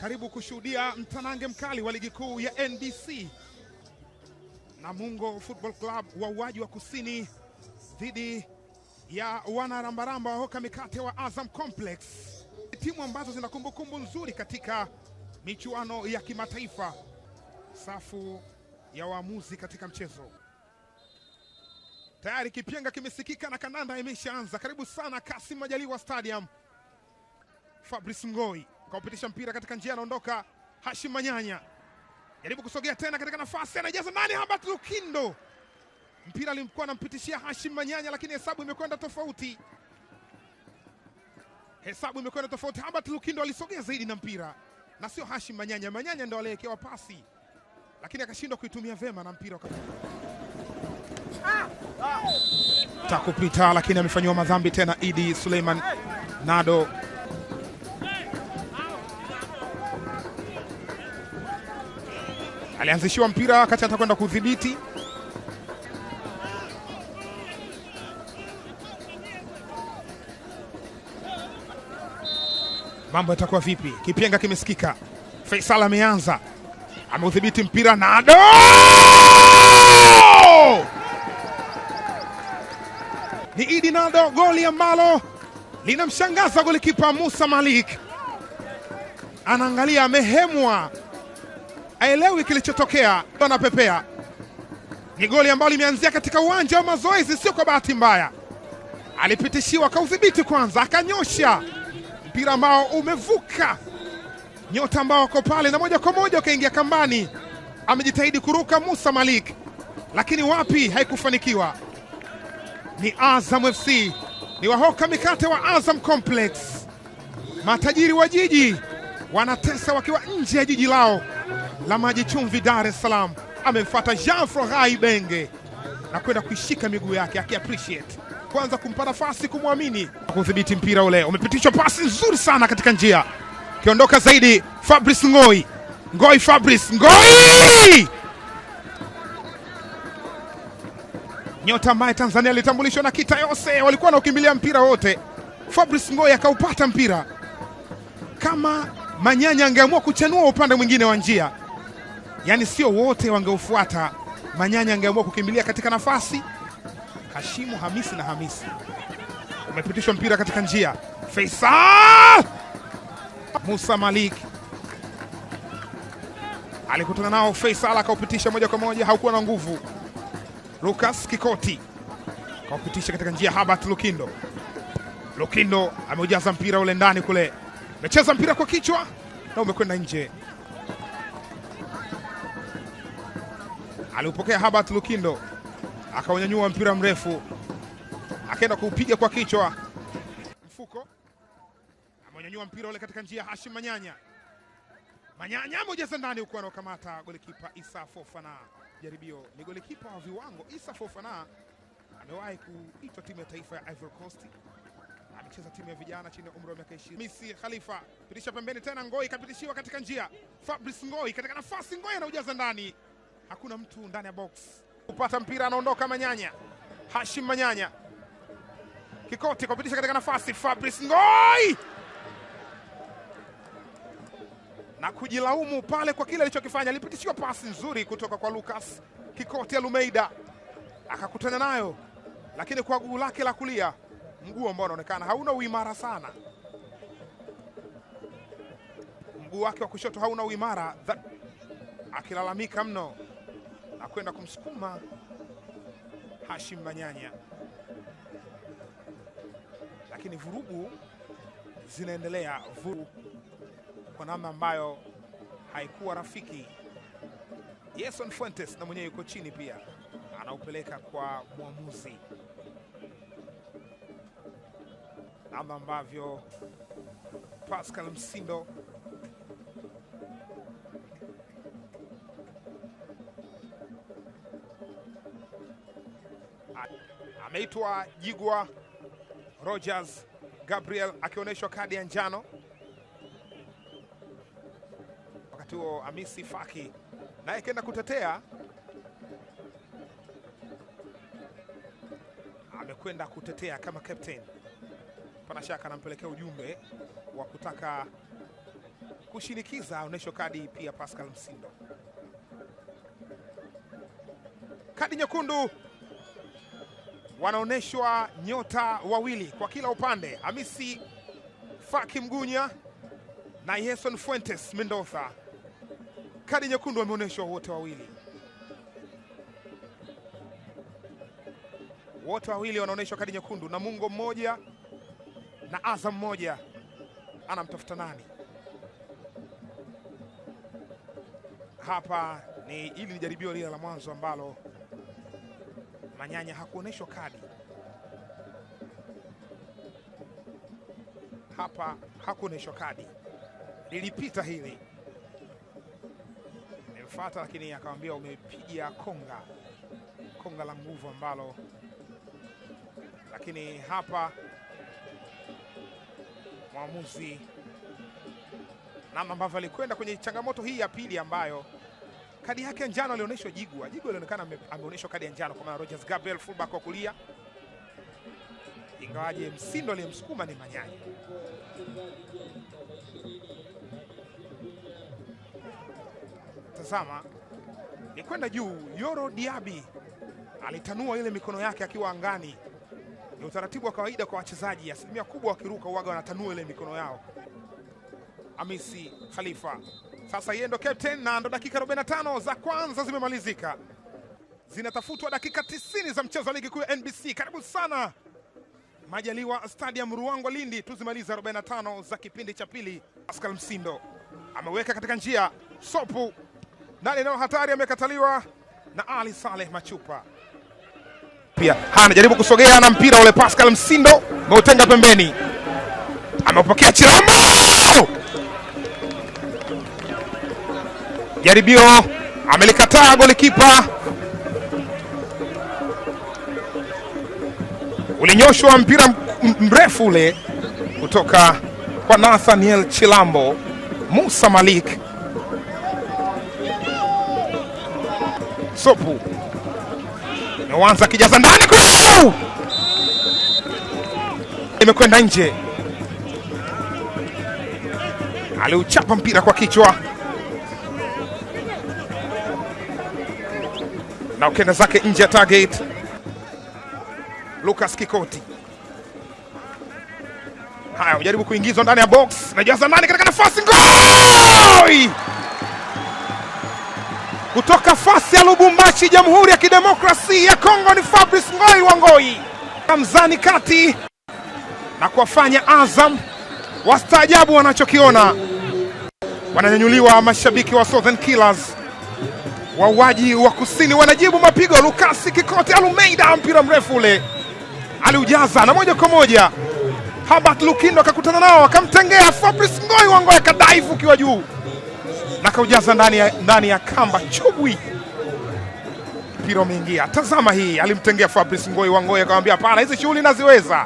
Karibu kushuhudia mtanange mkali wa ligi kuu ya NBC. Namungo Football Club wa Uwaji wa Kusini dhidi ya wana wa Hoka Mikate wa Azam Complex, timu ambazo zina kumbukumbu nzuri katika michuano ya kimataifa. Safu ya waamuzi katika mchezo tayari, kipyenga kimesikika na kandanda imeshaanza. Karibu sana Kasim Majaliwa Stadium, Fabrice Ngoi Akaupitisha mpira katika njia, anaondoka Hashim Manyanya, jaribu kusogea tena katika nafasi, anajaza nani? Habat Lukindo, mpira alikuwa anampitishia Hashim Manyanya, lakini hesabu imekwenda tofauti, hesabu imekwenda tofauti. Habat Lukindo alisogea zaidi na mpira na sio Hashim Manyanya. Manyanya ndo aliyewekewa pasi, lakini akashindwa kuitumia vema na mpira takupita, lakini amefanyiwa madhambi tena. Idi Suleiman Nado alianzishiwa mpira wakati atakwenda kudhibiti mambo yatakuwa vipi? Kipenga kimesikika. Faisal ameanza, ameudhibiti mpira Nado ni Idi Nado, goli ambalo linamshangaza golikipa Musa Malik, anaangalia amehemwa aelewi kilichotokea, anapepea. Ni goli ambalo limeanzia katika uwanja wa mazoezi, sio kwa bahati mbaya. Alipitishiwa, udhibiti kwanza, akanyosha mpira ambao umevuka nyota ambao wako pale, na moja kwa moja ukaingia kambani. Amejitahidi kuruka Musa Malik, lakini wapi, haikufanikiwa. Ni Azam FC, ni wahoka mikate wa Azam Complex, matajiri wa jiji wanatesa wakiwa nje ya jiji lao la maji chumvi Dar es Salaam amemfuata Jean Frohai Benge na kwenda kuishika miguu yake akiappreciate kwanza kumpa nafasi kumwamini kudhibiti mpira ule. Umepitishwa pasi nzuri sana katika njia, kiondoka zaidi Fabrice Ngoi Ngoi Fabrice Ngoi, nyota ambaye Tanzania alitambulishwa na kita yose, walikuwa wanaukimbilia mpira wote. Fabrice Ngoi akaupata mpira. Kama Manyanya angeamua kuchanua upande mwingine wa njia yaani sio wote wangeufuata. Manyanya angeamua kukimbilia katika nafasi. Hashimu Hamisi na Hamisi umepitishwa mpira katika njia. Faisal Musa Malik alikutana nao Faisal akaupitisha moja kwa moja, haukuwa na nguvu. Lucas Kikoti kaupitisha katika njia. Habat Lukindo, Lukindo ameujaza mpira ule ndani kule, amecheza mpira kwa kichwa na umekwenda nje. aliupokea Habat Lukindo akaunyanyua mpira mrefu akaenda kuupiga kwa kichwa mfuko, ameunyanyua mpira ule katika njia Hashim Manyanya. Manyanya amejeza ndani huko, anaokamata golikipa Isa Fofana. Jaribio ni golikipa wa viwango. Isa Fofana amewahi kuitwa timu ya taifa ya Ivory Coast, amecheza timu ya vijana chini ya umri wa miaka 20. Misi Khalifa pitisha pembeni tena, Ngoi kapitishiwa katika njia, Fabrice Ngoi katika nafasi, Ngoi anaujaza ndani hakuna mtu ndani ya box kupata mpira, anaondoka Manyanya, Hashim Manyanya, Kikoti kupitisha katika nafasi, Fabrice Ngoi na kujilaumu pale kwa kile alichokifanya. Alipitishiwa pasi nzuri kutoka kwa Lucas Kikoti Alumeida, akakutana nayo, lakini kwa guu lake la kulia, mguu ambao unaonekana hauna uimara sana, mguu wake wa kushoto hauna uimara, akilalamika mno na kwenda kumsukuma Hashim Manyanya, lakini vurugu zinaendelea, vurugu kwa namna ambayo haikuwa rafiki. Jason Fuentes na mwenyewe yuko chini pia, anaupeleka kwa mwamuzi, namna ambavyo Pascal Msindo anaitwa Jigwa Rogers Gabriel akionyeshwa kadi ya njano. Wakati huo amisi Faki naye kenda kutetea, amekwenda kutetea kama captain. Pana shaka anampelekea ujumbe wa kutaka kushinikiza aonyeshwe kadi pia Pascal Msindo, kadi nyekundu wanaonyeshwa nyota wawili kwa kila upande, Hamisi Faki Mgunya na Yeson Fuentes Mendoza. Kadi nyekundu wameonyeshwa wote wawili, wote wawili wanaonyeshwa kadi nyekundu. Namungo mmoja na Azam mmoja, anamtafuta nani hapa? Ni hili ni jaribio lile la mwanzo ambalo Manyanya hakuonyeshwa kadi hapa, hakuonyeshwa kadi, lilipita hili, nimfuata lakini akamwambia umepiga konga, konga la nguvu ambalo, lakini hapa mwamuzi namna ambavyo alikwenda kwenye changamoto hii ya pili ambayo kadi yake ya njano alionyeshwa Jigwa. Jigwa alionekana ameonyeshwa kadi ya njano kwa maana Rogers Gabriel fullback wa kulia, ingawaje msindo aliyemsukuma ni Manyanya. Tazama ni kwenda juu. Yoro Diaby alitanua ile mikono yake akiwa angani. Ni utaratibu wa kawaida kwa wachezaji, asilimia kubwa wakiruka uwaga wanatanua ile mikono yao. Hamisi Khalifa sasa yeye ndo captain na ndo dakika 45 za kwanza zimemalizika, zinatafutwa dakika 90 za mchezo wa ligi kuu ya NBC. Karibu sana Majaliwa Stadium Ruangwa Lindi, tuzimaliza 45 za kipindi cha pili. Pascal Msindo ameweka katika njia sopu ndani eneo hatari, amekataliwa na Ali Saleh Machupa. Pia anajaribu kusogea na mpira ule, Pascal Msindo ameutenga pembeni, ameupokea Chiramo jaribio amelikataa golikipa, ulinyoshwa mpira mrefu ule kutoka kwa Nathaniel Chilambo. Musa Malik Sopu mewanza kijaza ndani, imekwenda nje, aliuchapa mpira kwa kichwa. na ukenda zake nje ya target. Lucas Kikoti, haya ujaribu kuingizwa ndani ya box, najua zamani katika nafasi ngoi kutoka fasi ya Lubumbashi, Jamhuri ya Kidemokrasia ya Kongo. Ni Fabrice Ngoi wa Ngoi mzani kati na kuwafanya Azam wastaajabu wanachokiona, wananyanyuliwa mashabiki wa Southern Killers. Wauaji wa kusini wanajibu mapigo. Lukasi kikote Alumeida, mpira mrefu ule aliujaza, na moja kwa moja Habat Lukindo akakutana nao, akamtengea Fabrice Ngoi wa Ngoi, kadaifu ukiwa juu na kaujaza ndani ya, ndani ya kamba chubwi, mpira umeingia. Tazama hii, alimtengea Fabrice Ngoi wa Ngoi, akamwambia hapana, hizi shughuli naziweza,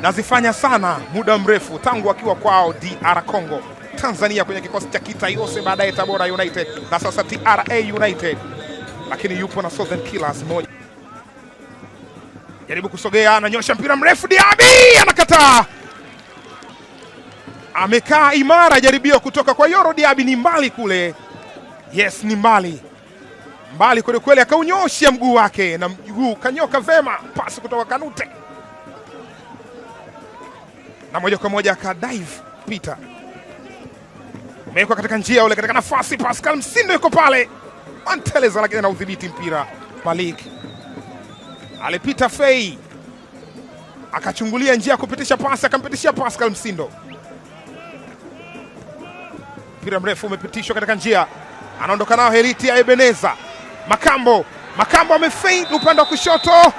nazifanya sana muda mrefu tangu akiwa kwao DR Congo. Tanzania kwenye kikosi cha Kitayose, baadaye Tabora United na sasa TRA United, lakini yupo na Southern Killers moja. Jaribu kusogea, ananyosha mpira mrefu, Diaby anakataa, amekaa imara, jaribio kutoka kwa Yoro Diaby ni mbali kule. Yes, ni mbali mbali kwelikweli, akaunyosha mguu wake na mguu kanyoka vema, pasi kutoka Kanute na moja kwa moja akadive Peter mewekwa katika njia ule, katika nafasi Pascal Msindo yuko pale, anateleza lakini anaudhibiti mpira. Malik alipita Fei akachungulia njia ya kupitisha pasi, akampitishia Pascal Msindo. Mpira mrefu umepitishwa katika njia, anaondoka nao Heriti Ebeneza. Makambo, Makambo amefeint upande wa kushoto,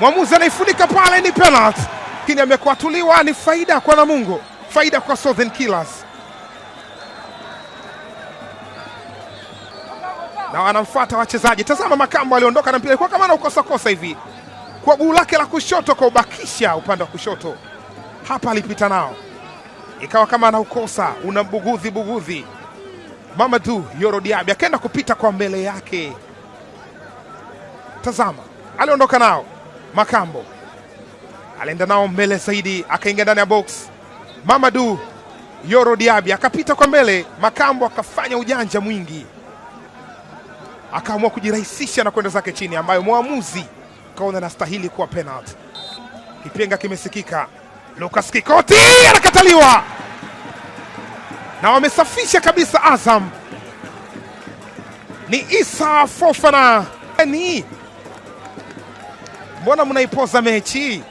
mwamuzi anaifunika pale, ni penalty, lakini amekwatuliwa. Ni faida kwa Namungo, faida kwa Southern Killers. na wanamfuata wachezaji. Tazama Makambo aliondoka na mpira, ilikuwa kama anaukosakosa hivi kwa guu lake la kushoto, kwa ubakisha upande wa kushoto hapa, alipita nao ikawa kama anaukosa, una bugudhi bugudhi. Yoro Diaby akaenda kupita kwa mbele yake, tazama aliondoka nao Makambo alienda nao mbele zaidi, akaingia ndani ya box. mamadu Yoro Diaby akapita kwa mbele, Makambo akafanya ujanja mwingi akaamua kujirahisisha na kwenda zake chini, ambayo mwamuzi kaona nastahili kuwa penalt Kipenga kimesikika. Lucas Kikoti anakataliwa na wamesafisha kabisa. Azam ni Isa Fofana. Ni mbona mnaipoza mechi?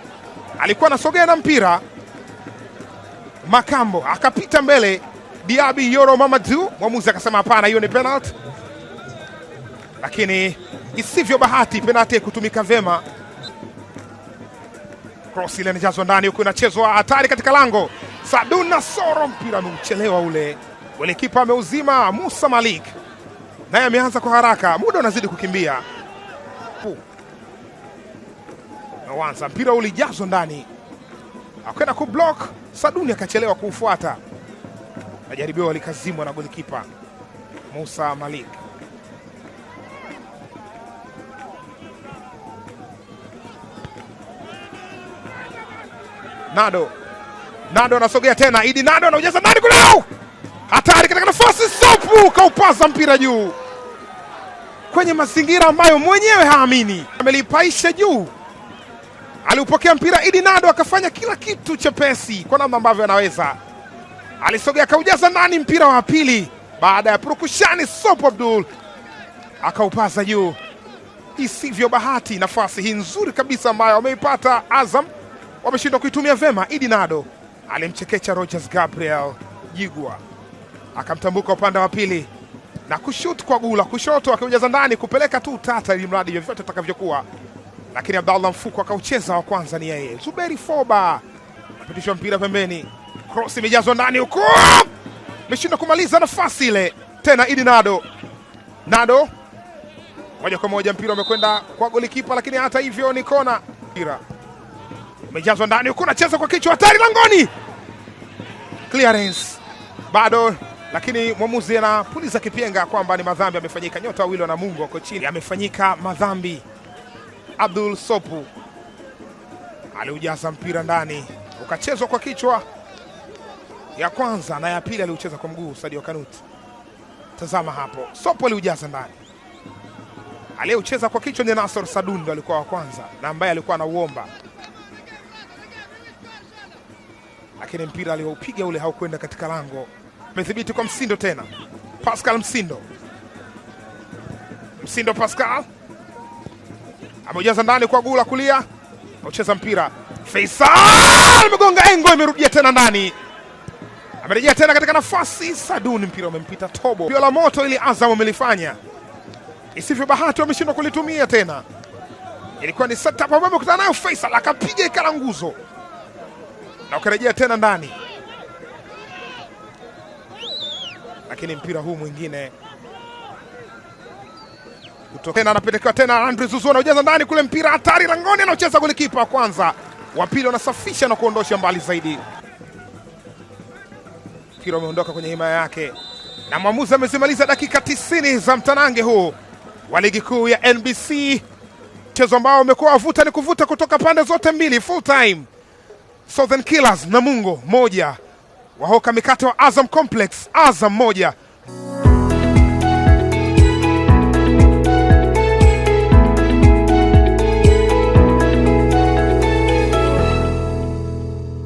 Alikuwa anasogea na mpira Makambo akapita mbele, diabi Yoro Mamadu, mwamuzi akasema hapana, hiyo ni penalt lakini isivyo bahati penati kutumika vyema. Cross ile inajazwa ndani huku, inachezwa hatari katika lango. Saduna Soro, mpira ameuchelewa ule. Golikipa ameuzima. Musa Malik naye ameanza kwa haraka, muda unazidi kukimbia. Nawanza mpira ulijazwa ndani, akwenda kublok. Saduni akachelewa kuufuata, majaribio walikazimwa na golikipa Musa Malik. Nado, Nado anasogea tena, Idi Nado anaujaza ndani kule, hatari katika nafasi, Sopu kaupaza mpira juu kwenye mazingira ambayo mwenyewe haamini, amelipaisha juu, aliupokea mpira Idi Nado akafanya kila kitu chepesi kwa namna ambavyo anaweza, alisogea kaujaza ndani mpira wa pili, baada ya purukushani Sopu Abdul akaupaza juu, isivyo bahati. Nafasi hii nzuri kabisa ambayo ameipata Azam wameshindwa kuitumia vema. Idi Nado alimchekecha Rogers Gabriel Jigwa, akamtambuka upande wa pili na kushut kwa gula kushoto, akiujaza ndani kupeleka tu tata, ili mradi vyovyote atakavyokuwa. Lakini Abdallah Mfuko akaucheza wa kwanza, ni yeye. Zuberi Foba anapitishwa mpira pembeni, cross imejazwa ndani huko, ameshindwa kumaliza nafasi ile tena. Idi Nado Nado moja kwa moja mpira umekwenda kwa golikipa, lakini hata hivyo ni kona mpira amejazwa ndani huko, anacheza kwa kichwa, hatari langoni, clearance bado, lakini mwamuzi anapuliza kipenga kwamba ni madhambi amefanyika. Nyota wawili wa Mungu wako chini, amefanyika madhambi. Abdul Sopu aliujaza mpira ndani, ukachezwa kwa kichwa ya kwanza na ya pili aliucheza kwa mguu Sadio Kanuti. Tazama hapo, Sopo aliujaza ndani, aliyeucheza kwa kichwa ni Nasor Sadundo, alikuwa wa kwanza na ambaye alikuwa anauomba lakini mpira alioupiga ule haukwenda katika lango. Amethibiti kwa Msindo tena, Pascal Msindo, Msindo Pascal ameujaza ndani kwa guu la kulia, aucheza mpira Faisal amegonga engo, imerudia tena ndani, amerejea tena katika nafasi Saduni, mpira umempita Tobo. Pio la moto ili Azam umelifanya isivyo bahati, wameshindwa kulitumia tena. Ilikuwa ni setup ambayo amekutana nayo Faisal, akapiga ikala nguzo na ukarejea tena ndani, lakini mpira huu mwingine tena anapelekewa tena, Andre Zuzu anaujaza ndani kule, mpira hatari langoni, anaucheza golikipa wa kwanza, wa pili wanasafisha na kuondosha mbali zaidi. Mpira umeondoka kwenye himaya yake, na mwamuzi amezimaliza dakika 90 za mtanange huu wa ligi kuu ya NBC, mchezo ambao umekuwa wavuta ni kuvuta kutoka pande zote mbili full time. Southern Killers Namungo moja, wahoka mikate wa Azam Complex Azam moja.